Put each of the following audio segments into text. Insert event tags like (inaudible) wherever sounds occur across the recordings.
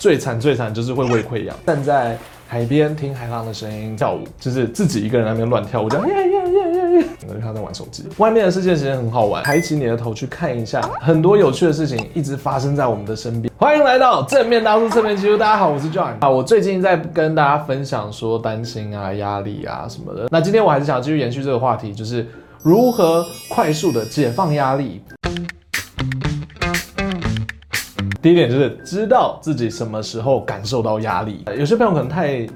最慘最慘就是會胃潰瘍，站在海邊聽海浪的聲音跳舞。就是自己一個人在那邊亂跳舞叫呀呀呀呀呀。你看他在玩手機。外面的世界其實很好玩，抬起你的頭去看一下，很多有趣的事情一直發生在我們的身邊。歡迎來到正面大叔側面技術，大家好，我是 John 啊。我最近在跟大家分享說擔心啊、壓力啊什麼的，那今天我還是想繼續延續這個話題，就是如何快速的解放壓力。第一點就是知道自己什麼時候感受到壓力。有些朋友可能太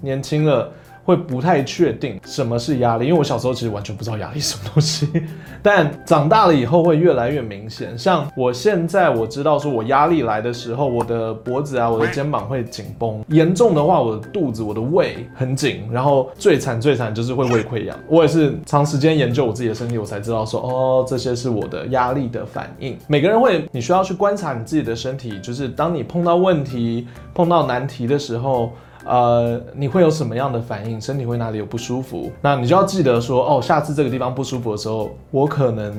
年輕了，會不太確定什麼是壓力，因為我小時候其實完全不知道壓力什麼東西，但長大了以後會越來越明顯。像我現在，我知道說我壓力來的時候，我的脖子啊，我的肩膀會緊繃，嚴重的話，我的肚子、我的胃很緊，然後最慘最慘就是會胃潰瘍。我也是長時間研究我自己的身體，我才知道說哦，這些是我的壓力的反應。每個人會，你需要去觀察你自己的身體，就是當你碰到問題、碰到難題的時候。呃，你會有什麼樣的反應？身體會哪裡有不舒服？那你就要記得說哦，下次這個地方不舒服的時候，我可能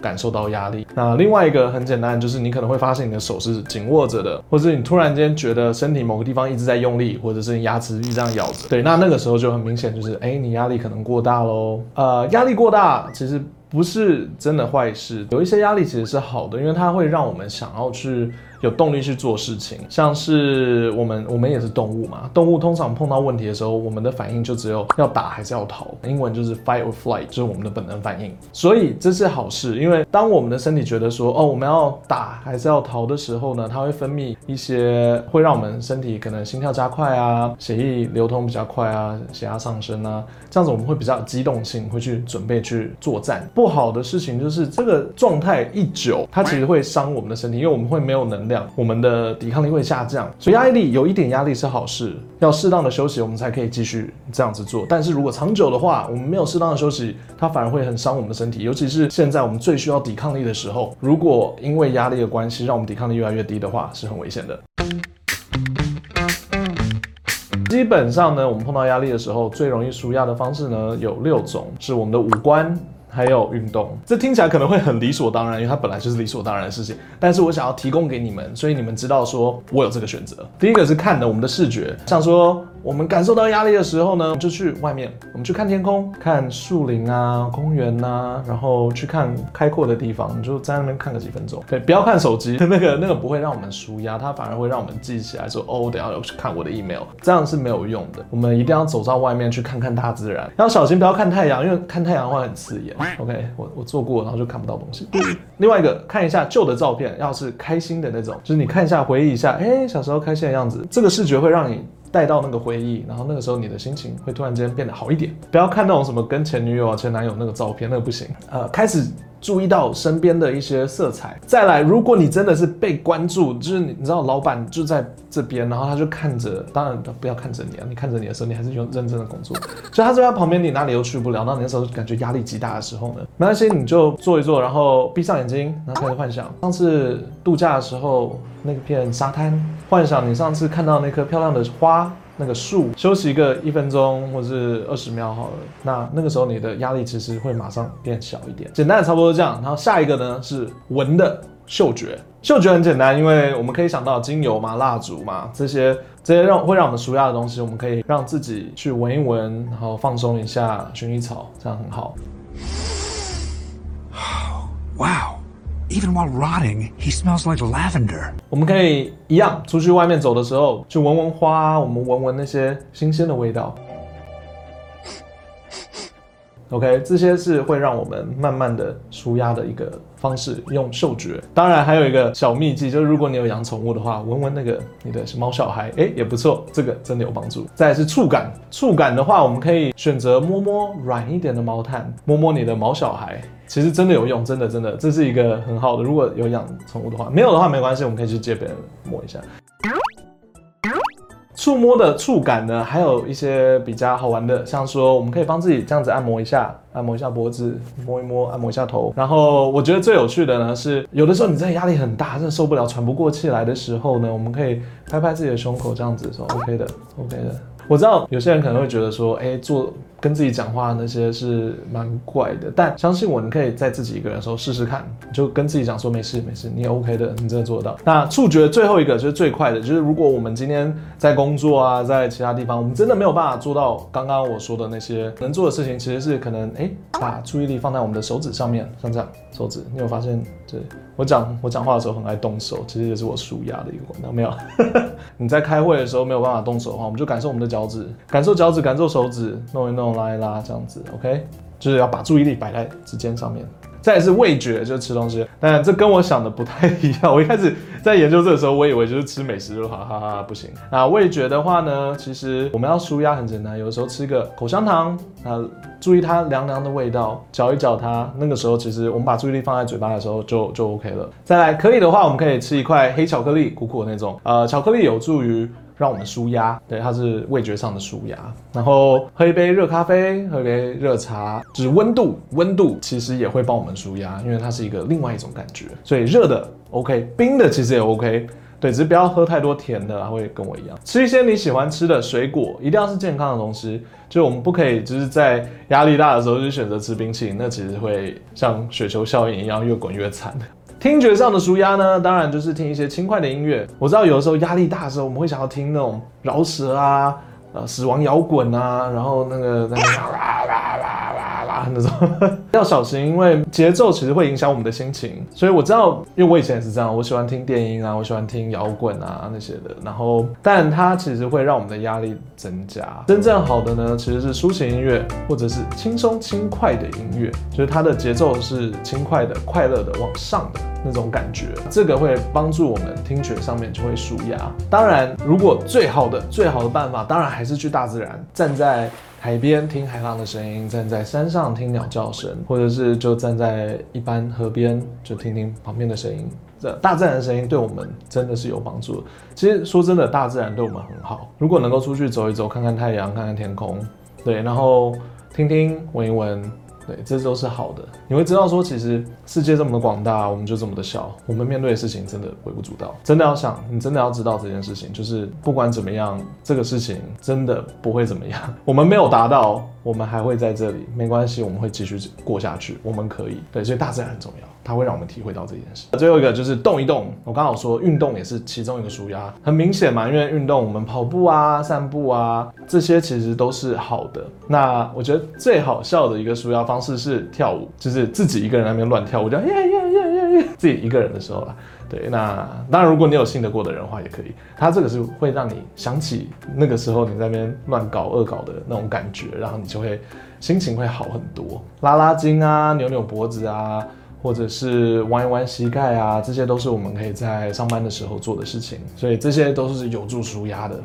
感受到壓力。那另外一個很簡單，就是你可能會發現你的手是緊握着的，或者你突然間覺得身體某個地方一直在用力，或者是你牙齒一直這樣咬着。對，那那個時候就很明顯，就是哎、欸，你壓力可能過大咯。呃，壓力過大，其實。不是真的壞事，有一些壓力其實是好的，因為它會讓我們想要去有動力去做事情。像是我們，我們也是動物嘛，動物通常碰到問題的時候，我們的反應就只有要打還是要逃，英文就是 fight or flight，就是我們的本能反應。所以這是好事，因為當我們的身體覺得說哦，我們要打還是要逃的時候呢，它會分泌一些會讓我們身體可能心跳加快啊，血液流通比較快啊，血壓上升啊，這樣子我們會比較有機動性，會去準備去作戰。不好的事情就是這個狀態一久，它其實會傷我們的身體，因為我們會沒有能量，我們的抵抗力會下降。所以壓力有一點壓力是好事，要適當的休息，我們才可以繼續這樣子做。但是如果長久的話，我們沒有適當的休息，它反而會很傷我們的身體。尤其是現在我們最需要抵抗力的時候，如果因為壓力的關係，讓我們抵抗力越來越低的話，是很危險的。基本上呢，我們碰到壓力的時候，最容易舒壓的方式呢，有六種，是我們的五官。還有運動，這聽起來可能會很理所當然，因為它本來就是理所當然的事情。但是我想要提供給你們，所以你們知道，說我有這個選擇。第一個是看的，我們的視覺，像說。我們感受到壓力的時候呢，我們就去外面，我們去看天空，看樹林啊，公園啊，然後去看開闊的地方，你就在那邊看個幾分鐘，對，不要看手機，那個那個不會讓我們舒壓，它反而會讓我們記起來說，哦，等下要去看我的 email，這樣是沒有用的。我們一定要走到外面去看看大自然，要小心不要看太陽，因為看太陽的話很刺眼。OK，我我做過，然後就看不到東西，嗯。另外一個，看一下舊的照片，要是開心的那種，就是你看一下回憶一下，哎，欸，小時候開心的樣子，這個視覺會讓你。帶到那個回憶，然後那個時候你的心情會突然間變得好一點。不要看那種什麼跟前女友啊、前男友那個照片，那個不行。呃，開始。注意到身邊的一些色彩，再來，如果你真的是被關注，就是你，你知道老闆就在這邊，然後他就看着，當然他不要看着你啊，你看着你的時候，你還是用認真的工作。所以他坐在旁邊你哪裡都去不了。那你那時候感覺壓力極大的時候呢，沒關係，你就坐一坐，然後閉上眼睛，然後開始幻想。上次度假的時候，那片沙灘，幻想你上次看到那顆漂亮的花。那個樹，休息個一分鐘，或是二十秒好了。那那個時候你的壓力其實會馬上變小一點。簡單的差不多這樣。然後下一個呢是聞的嗅覺，嗅覺很簡單，因為我們可以想到精油嘛、蠟燭嘛這些這些讓會讓我們舒壓的東西，我們可以讓自己去聞一聞，然後放鬆一下。薰衣草這樣很好。好，哇。他我們可以一樣出去外面走的時候，去聞聞花，我們聞聞那些新鮮的味道。OK，這些是會讓我們慢慢的舒壓的一個方式，用嗅覺。當然還有一個小秘技，就是如果你有養寵物的話，聞聞那個你的貓小孩，哎、欸、也不錯，這個真的有幫助。再是觸感，觸感的話，我們可以選擇摸摸軟一點的毛毯，摸摸你的毛小孩。其實真的有用，真的真的，這是一個很好的。如果有養寵物的話，沒有的話沒關係，我們可以去借別人摸一下。觸摸的觸感呢，還有一些比較好玩的，像說我們可以幫自己這樣子按摩一下，按摩一下脖子，摸一摸，按摩一下頭。然後我覺得最有趣的呢是，有的時候你真的壓力很大，真的受不了，喘不過氣來的時候呢，我們可以拍拍自己的胸口，這樣子說 OK 的，OK 的。我知道有些人可能會覺得說，哎、欸，做。跟自己講話那些是蠻怪的，但相信我，你可以在自己一個人的時候試試看，就跟自己講說沒事沒事，你也 OK 的，你真的做得到。那觸覺最後一個就是最快的，就是如果我們今天在工作啊，在其他地方，我們真的沒有辦法做到剛剛我說的那些能做的事情，其實是可能哎、欸，把注意力放在我們的手指上面，像這樣手指，你有發現？對，我講我講話的時候很愛動手，其實也是我舒壓的一個管道，有沒有？ (laughs) 你在開會的時候沒有辦法動手的話，我們就感受我們的腳趾，感受腳趾，感受手指，弄一弄。拉一拉，這樣子，OK，就是要把注意力擺在指尖上面。再來是味覺，就是吃東西。但這跟我想的不太一樣。我一開始在研究這個時候，我以為就是吃美食就好，就哈哈哈不行。那味覺的話呢，其實我們要舒壓很簡單，有的時候吃個口香糖，呃、注意它涼涼的味道，嚼一嚼它。那個時候，其實我們把注意力放在嘴巴的時候就，就就 OK 了。再來，可以的話，我們可以吃一塊黑巧克力，苦苦的那種。呃，巧克力有助於，讓我們舒壓，對，它是味覺上的舒壓。然後喝一杯熱咖啡，喝一杯熱茶，就是溫度，溫度其實也會幫我們舒壓，因為它是一個另外一種感覺。所以熱的 OK，冰的其實也 OK，對，只是不要喝太多甜的，它會跟我一樣。吃一些你喜歡吃的水果，一定要是健康的東西。就我們不可以就是在壓力大的時候就選擇吃冰淇淋，那其實會像雪球效應一樣越滾越，越滾越慘。聽覺上的舒壓呢，當然就是聽一些輕快的音樂。我知道有的時候壓力大的時候，我們會想要聽那種饒舌啊，呃，死亡搖滾啊，然後那個在那。 (laughs) 要小心，因為節奏其實會影響我們的心情。所以我知道，因為我以前也是這樣，我喜歡聽電音啊，我喜歡聽搖滾啊那些的。然後，但它其實會讓我們的壓力增加。真正好的呢，其實是抒情音樂，或者是輕鬆輕快的音樂，就是它的節奏是輕快的、快樂的、往上的那種感覺。這個會幫助我們聽覺上面就會舒壓。當然，如果最好的、最好的辦法，當然還是去大自然，站在。海邊聽海浪的聲音，站在山上聽鳥叫聲，或者是就站在一般河邊，就聽聽旁邊的聲音。這大自然的聲音對我們真的是有幫助。其實說真的，大自然對我們很好。如果能夠出去走一走，看看太陽，看看天空，對，然後聽聽、聞一聞。對，這都是好的。你會知道說，其實世界這麼的廣大，我們就這麼的小，我們面對的事情真的微不足道。真的要想，你真的要知道這件事情，就是不管怎麼樣，這個事情真的不會怎麼樣。我們沒有達到。我們還會在這裡，沒關係，我們會繼續過下去，我們可以。對，所以大自然很重要，它會讓我們體會到這件事。最後一個就是動一動，我剛好說運動也是其中一個舒壓，很明顯嘛，因為運動，我們跑步啊、散步啊，這些其實都是好的。那我覺得最好笑的一個舒壓方式是跳舞，就是自己一個人在那邊亂跳舞，就耶耶。 (laughs) 自己一個人的時候啦，對，那當然，如果你有信得過的人的話，也可以。它這個是會讓你想起那個時候你在那邊亂搞惡搞的那種感覺，然後你就會心情會好很多。拉拉筋啊，扭扭脖子啊，或者是彎一彎膝蓋啊，這些都是我們可以在上班的時候做的事情，所以這些都是有助舒壓的。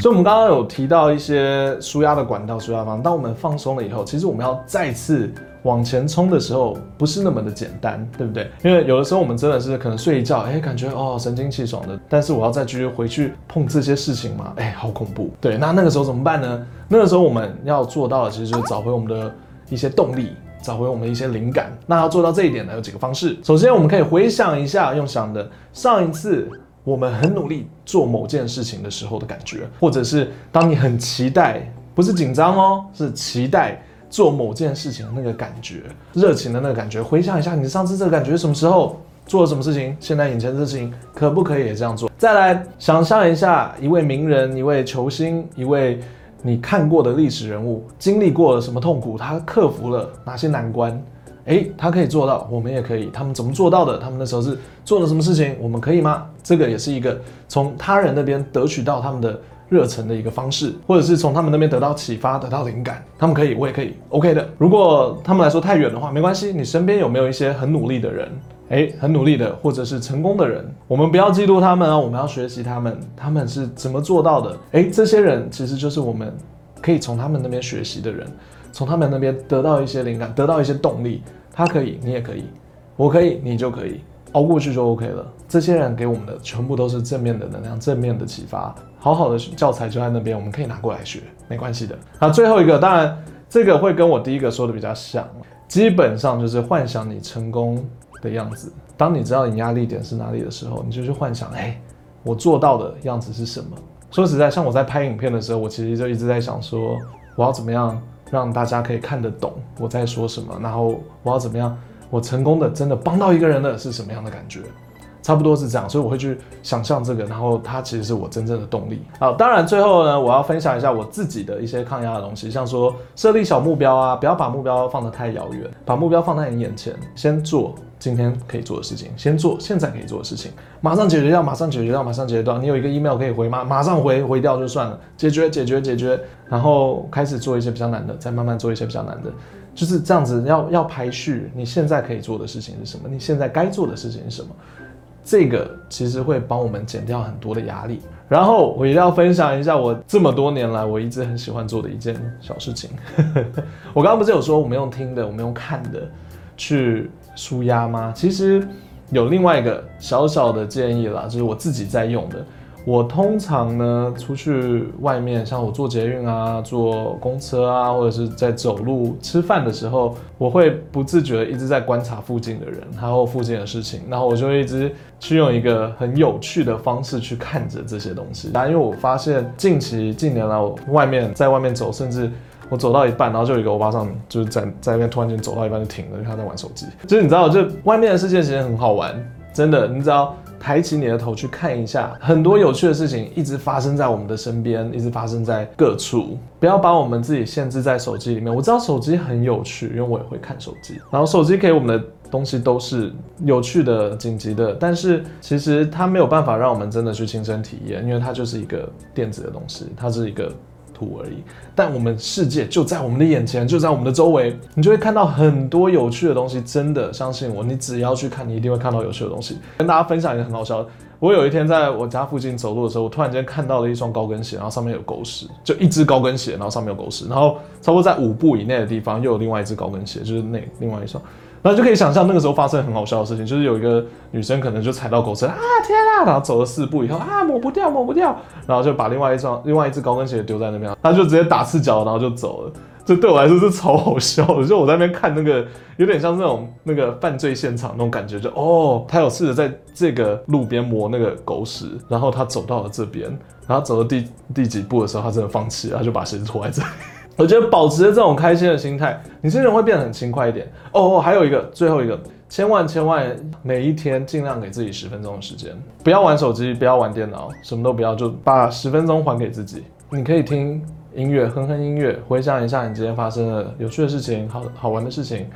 所以，我們剛剛有提到一些舒壓的管道、舒壓方。當我們放鬆了以後，其實我們要再次。往前衝的時候不是那麼的簡單，對不對？因為有的時候我們真的是可能睡一覺，哎、欸，感覺哦神清氣爽的，但是我要再繼續回去碰這些事情嘛，哎、欸，好恐怖。對，那那個時候怎麼辦呢？那個時候我們要做到的其實就是找回我們的一些動力，找回我們的一些靈感。那要做到這一點呢，有幾個方式。首先，我們可以回想一下，用想的上一次我們很努力做某件事情的時候的感覺，或者是當你很期待，不是緊張哦，是期待。做某件事情的那個感覺，熱情的那個感覺，回想一下你上次這個感覺什麼時候做了什麼事情，現在眼前的事情可不可以也這樣做？再來想象一下一位名人、一位球星、一位你看過的歷史人物，經歷過了什麼痛苦，他克服了哪些難關？誒，他可以做到，我們也可以。他們怎麼做到的？他們那時候是做了什麼事情？我們可以嗎？這個也是一個從他人那邊得取到他們的。熱忱的一個方式，或者是從他們那邊得到啟發、得到靈感，他們可以，我也可以，OK 的。如果他們來說太遠的話，沒關係。你身邊有沒有一些很努力的人？欸，很努力的，或者是成功的人，我們不要嫉妒他們啊，我們要學習他們，他們是怎麼做到的？欸，這些人其實就是我們可以從他們那邊學習的人，從他們那邊得到一些靈感，得到一些動力。他可以，你也可以，我可以，你就可以。熬過去就 OK 了。這些人給我們的全部都是正面的能量，正面的啟發。好好的教材就在那邊，我們可以拿過來學，沒關係的。那最後一個，當然這個會跟我第一個說的比較像，基本上就是幻想你成功的樣子。當你知道你壓力點是哪裡的時候，你就去幻想，哎、欸，我做到的樣子是什麼？說實在，像我在拍影片的時候，我其實就一直在想說，我要怎麼樣讓大家可以看得懂我在說什麼，然後我要怎麼樣。我成功的真的幫到一個人了，是什麼樣的感覺？差不多是這樣，所以我會去想象這個，然後它其實是我真正的動力。好，當然最後呢，我要分享一下我自己的一些抗壓的東西，像說設立小目標啊，不要把目標放得太遙遠，把目標放在你眼前，先做今天可以做的事情，先做現在可以做的事情，馬上解決掉，馬上解決掉，馬上解決掉。你有一個 email 可以回嗎？馬上回，回掉就算了，解決，解決，解決，然後開始做一些比較難的，再慢慢做一些比較難的。就是這樣子，要，要要排序。你現在可以做的事情是什麼？你現在該做的事情是什麼？這個其實會幫我們減掉很多的壓力。然後我一定要分享一下我這麼多年來我一直很喜歡做的一件小事情。 (laughs) 我剛剛不是有說我們用聽的，我們用看的去舒壓嗎？其實有另外一個小小的建議啦，就是我自己在用的。我通常呢，出去外面，像我坐捷運啊，坐公車啊，或者是在走路吃飯的時候，我會不自覺地一直在觀察附近的人，然後附近的事情，然後我就一直去用一個很有趣的方式去看着這些東西。然後因為我發現近期近年來，我外面在外面走，甚至我走到一半，然後就有一個歐巴桑就是在在那邊突然間走到一半就停了，因為他在玩手機。就是你知道，就外面的世界其實很好玩，真的，你知道。抬起你的頭去看一下，很多有趣的事情一直發生在我們的身邊，一直發生在各處。不要把我們自己限制在手機裡面。我知道手機很有趣，因為我也會看手機。然後手機給我們的東西都是有趣的、的緊急的，但是其實它沒有辦法讓我們真的去親身體驗，因為它就是一個電子的東西，它是一個。土而已，但我們世界就在我們的眼前，就在我們的周圍，你就會看到很多有趣的東西。真的相信我，你只要去看，你一定會看到有趣的東西。跟大家分享一個很好笑的，我有一天在我家附近走路的時候，我突然間看到了一雙高跟鞋，然後上面有狗屎，就一隻高跟鞋，然後上面有狗屎，然後差不多在五步以內的地方又有另外一隻高跟鞋，就是那另外一雙。那就可以想象那個時候發生很好笑的事情，就是有一個女生可能就踩到狗屎啊，天啊！然後走了四步以後啊，抹不掉，抹不掉，然後就把另外一雙、另外一隻高跟鞋丟在那邊，她就直接打赤腳，然後就走了。這對我來說是超好笑的，就我在那邊看那個有點像那種那個犯罪現場那種感覺，就哦，她有試着在這個路邊抹那個狗屎，然後她走到了這邊，然後走到第第幾步的時候，她真的放棄了，她就把鞋子脫在這裡。這。我覺得保持著這種開心的心態，你甚至會變得很輕快一點哦。Oh, oh, oh, 還有一個，最後一個，千萬千萬，每一天儘量給自己十分鐘的時間，不要玩手機，不要玩電腦，什麼都不要，就把十分鐘還給自己。你可以聽音樂，哼哼音樂，回想一下你今天發生的有趣的事情，好好玩的事情，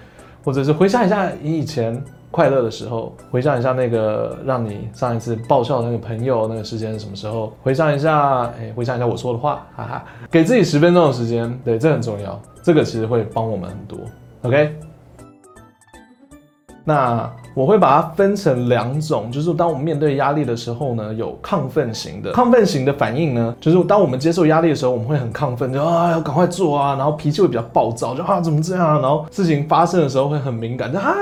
或者是回想一下你以前。快樂的時候，回想一下那個讓你上一次爆笑的那個朋友，那個時間是什麼時候？回想一下，哎、欸，回想一下我說的話，哈哈。給自己十分鐘的時間，對，這很重要。這個其實會幫我們很多。OK，那我會把它分成兩種，就是當我們面對壓力的時候呢，有亢奮型的。亢奮型的反應呢，就是當我們接受壓力的時候，我們會很亢奮，就啊要趕快做啊，然後脾氣會比較暴躁，就啊怎麼這樣啊，然後事情發生的時候會很敏感，就啊。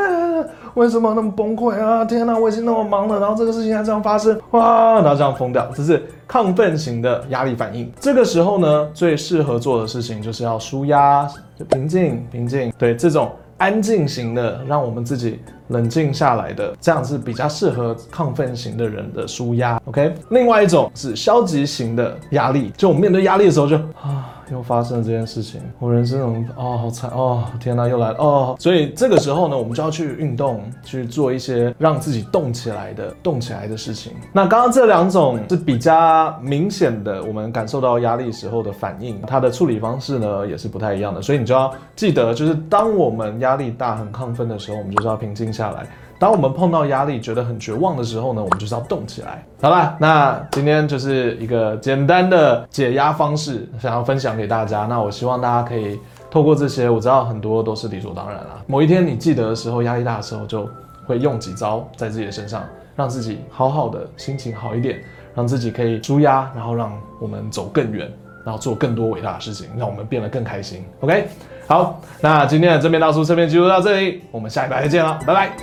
為什麼那麼崩潰啊？天哪，我已經那麼忙了，然後這個事情還這樣發生，哇，然後這樣瘋掉，這是亢奮型的壓力反應。這個時候呢，最適合做的事情就是要舒壓，就平靜，平靜。對，這種安靜型的，讓我們自己冷靜下來的，這樣是比較適合亢奮型的人的舒壓。OK，另外一種是消極型的壓力，就我們面對壓力的時候就啊。又發生了這件事情，我人生中啊、哦、好慘啊、哦！天吶，又來了哦！所以這個時候呢，我們就要去運動，去做一些讓自己動起來的、動起來的事情。那剛剛這兩種是比較明顯的，我們感受到壓力時候的反應，它的處理方式呢也是不太一樣的。所以你就要記得，就是當我們壓力大、很亢奮的時候，我們就是要平靜下來。當我們碰到壓力，覺得很絕望的時候呢，我們就是要動起來。好啦，那今天就是一個簡單的解壓方式，想要分享給大家。那我希望大家可以透過這些，我知道很多都是理所當然啦、啊。某一天你記得的時候，壓力大的時候，就會用幾招在自己的身上，讓自己好好的心情好一點，讓自己可以舒壓，然後讓我們走更遠，然後做更多偉大的事情，讓我們變得更開心。OK，好，那今天的正面大叔測評記錄到這裡，我們下禮拜再見了，拜拜。